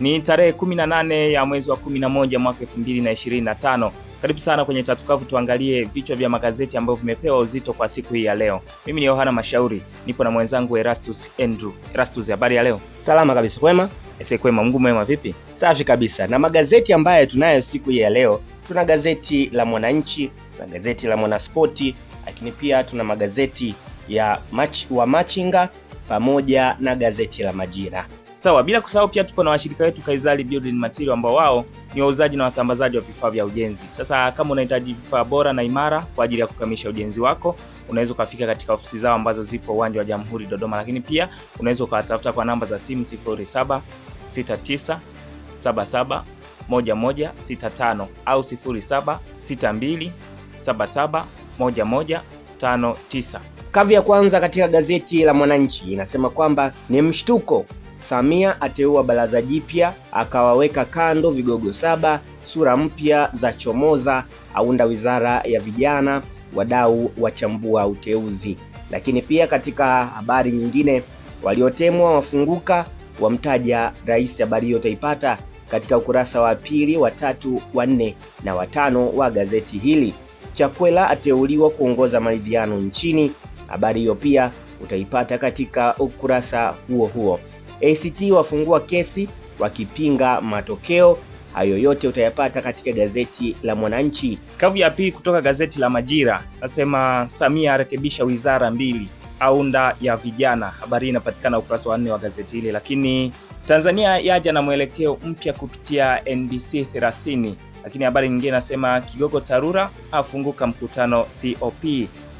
Ni tarehe 18 ya mwezi wa 11 mwaka 2025. Karibu sana kwenye Tatukavu, tuangalie vichwa vya magazeti ambavyo vimepewa uzito kwa siku hii ya leo. Mimi ni Yohana Mashauri, nipo na mwenzangu Erastus Andrew. Erastus, habari ya leo? Salama kabisa. Kwema ese? Kwema, Mungu mwema. Vipi? Safi kabisa. Na magazeti ambayo tunayo siku hii ya leo, tuna gazeti la Mwananchi, tuna gazeti la Mwanaspoti, lakini pia tuna magazeti ya mach, wa Machinga pamoja na gazeti la Majira. Sawa, bila kusahau pia tupo na washirika wetu Kaizali Building Material ambao wao ni wauzaji na wasambazaji wa vifaa vya ujenzi. Sasa kama unahitaji vifaa bora na imara kwa ajili ya kukamilisha ujenzi wako, unaweza ukafika katika ofisi zao ambazo zipo uwanja wa Jamhuri Dodoma, lakini pia unaweza ukawatafuta kwa namba za simu 07 au 07 62 Kavi ya kwanza katika gazeti la Mwananchi inasema kwamba ni mshtuko Samia ateua baraza jipya, akawaweka kando vigogo saba, sura mpya za chomoza, aunda wizara ya vijana, wadau wachambua uteuzi. Lakini pia katika habari nyingine, waliotemwa wafunguka, wamtaja rais. Habari hiyo utaipata katika ukurasa wa pili, wa tatu, wa nne na watano wa gazeti hili. Chakwera ateuliwa kuongoza maridhiano nchini. Habari hiyo pia utaipata katika ukurasa huo huo. ACT wafungua kesi wakipinga matokeo. Hayo yote utayapata katika gazeti la Mwananchi. Kavu ya pili kutoka gazeti la Majira nasema Samia arekebisha wizara mbili aunda ya vijana. Habari hii inapatikana ukurasa wa nne wa gazeti hili. Lakini Tanzania yaja na mwelekeo mpya kupitia NDC 30. Lakini habari nyingine nasema kigogo Tarura afunguka mkutano COP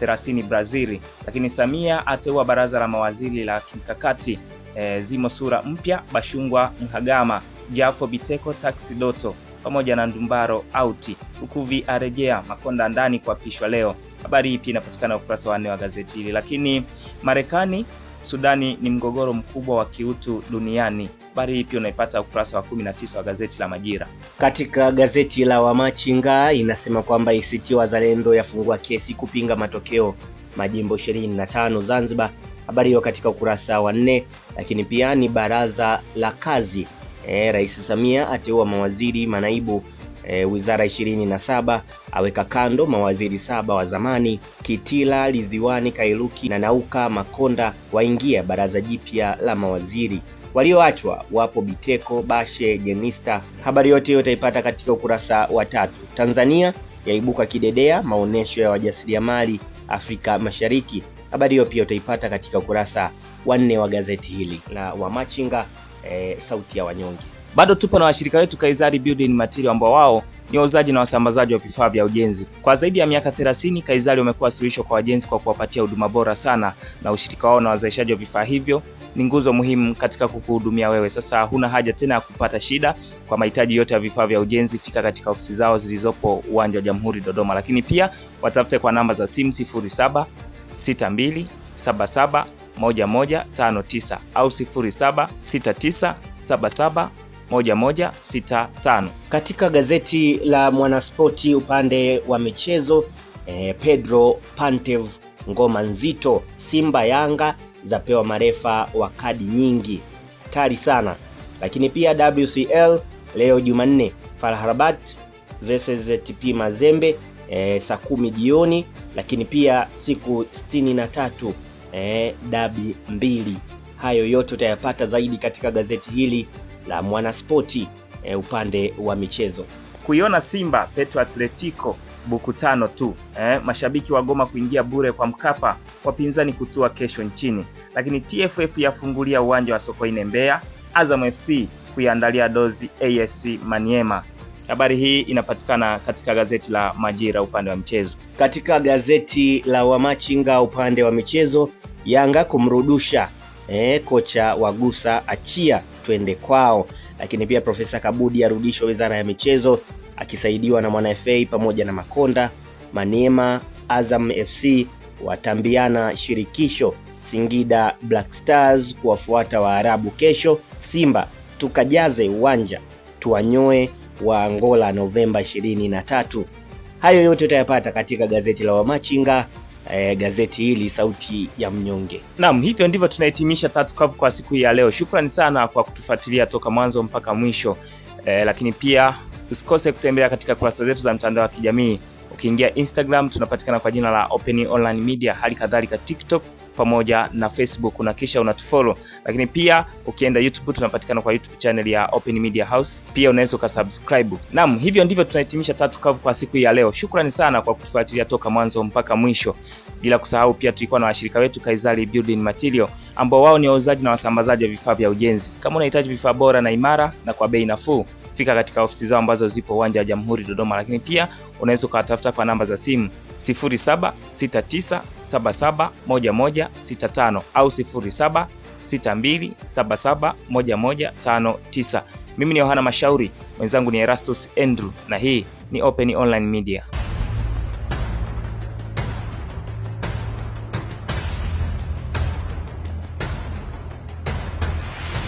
30 Brazil. Lakini Samia ateua baraza la mawaziri la kimkakati e, zimo sura mpya Bashungwa Mhagama, Jafo Biteko, Taxi Doto pamoja na Ndumbaro auti, huku arejea, Makonda ndani kuapishwa leo. Habari hii pia inapatikana ukurasa wa nne wa gazeti hili. Lakini Marekani Sudani ni mgogoro mkubwa wa kiutu duniani. Habari hii pia unaipata ukurasa wa 19 wa gazeti la Majira. Katika gazeti la Wamachinga inasema kwamba ACT Wazalendo yafungua kesi kupinga matokeo, majimbo 25 Zanzibar habari hiyo katika ukurasa wa nne. Lakini pia ni baraza la kazi e, Rais Samia ateua mawaziri manaibu e, wizara 27 aweka kando mawaziri saba wa zamani. Kitila, Ridhiwani, Kairuki na Nauka Makonda waingia baraza jipya la mawaziri. Walioachwa wapo Biteko, Bashe, Jenista. Habari yote hiyo utaipata katika ukurasa wa tatu. Tanzania yaibuka kidedea maonesho ya wajasiriamali Afrika Mashariki. Habari hiyo pia utaipata katika ukurasa wa nne wa gazeti hili la Wamachinga e, eh, sauti ya wanyonge. Bado tupo na washirika wetu Kaizari Building Material ambao wao ni wauzaji na wasambazaji wa vifaa vya ujenzi. Kwa zaidi ya miaka 30, Kaizari wamekuwa suluhisho kwa wajenzi kwa kuwapatia huduma bora sana, na ushirika wao na wazalishaji wa vifaa hivyo ni nguzo muhimu katika kukuhudumia wewe. Sasa huna haja tena ya kupata shida kwa mahitaji yote ya vifaa vya ujenzi. Fika katika ofisi zao zilizopo uwanja wa Jamhuri Dodoma, lakini pia watafute kwa namba za simu 07 62771159 au 0769771165. Katika gazeti la Mwanaspoti upande wa michezo eh, Pedro Pantev ngoma nzito, Simba Yanga zapewa marefa wa kadi nyingi, hatari sana. Lakini pia WCL leo Jumanne Farharabat vs TP Mazembe eh, saa kumi jioni lakini pia siku 63 na tatu eh, dabi mbili. Hayo yote utayapata zaidi katika gazeti hili la Mwanaspoti eh, upande wa michezo. Kuiona Simba Petro Atletico buku tano tu eh, mashabiki goma kuingia bure kwa Mkapa, wapinzani kutua kesho nchini. Lakini TFF yafungulia uwanja wa Sokoine Mbeya, Azam FC kuiandalia dozi ASC Maniema. Habari hii inapatikana katika gazeti la Majira upande wa michezo. Katika gazeti la Wamachinga upande wa michezo, Yanga kumrudusha eh, kocha Wagusa achia twende kwao, lakini pia Profesa Kabudi arudishwa wizara ya michezo akisaidiwa na mwana FA pamoja na Makonda Maniema. Azam FC watambiana shirikisho. Singida Black Stars kuwafuata Waarabu kesho. Simba tukajaze uwanja tuwanyoe wa Angola Novemba 23. Hayo yote utayapata katika gazeti la Wamachinga. eh, gazeti hili sauti ya mnyonge. Naam, hivyo ndivyo tunahitimisha tatu kavu kwa siku hii ya leo. Shukrani sana kwa kutufuatilia toka mwanzo mpaka mwisho. eh, lakini pia usikose kutembelea katika kurasa zetu za mtandao wa kijamii. Ukiingia Instagram tunapatikana kwa jina la Open Online Media, hali kadhalika TikTok pamoja na Facebook na kisha unatufollow. Lakini pia ukienda YouTube tunapatikana kwa YouTube channel ya Open Media House, pia unaweza ukasubscribe. Naam, hivyo ndivyo tunahitimisha Tatu Kavu kwa siku ya leo. Shukrani sana kwa kufuatilia toka mwanzo mpaka mwisho, bila kusahau pia tulikuwa na washirika wetu Kaizali Building Material ambao wao ni wauzaji na wasambazaji wa vifaa vya ujenzi. Kama unahitaji vifaa bora na imara na kwa bei nafuu fika katika ofisi zao ambazo zipo uwanja wa Jamhuri Dodoma, lakini pia unaweza ukawatafuta kwa namba za simu 0769771165 au 0762771159. Mimi ni Yohana Mashauri, mwenzangu ni Erastus Andrew na hii ni Open Online Media.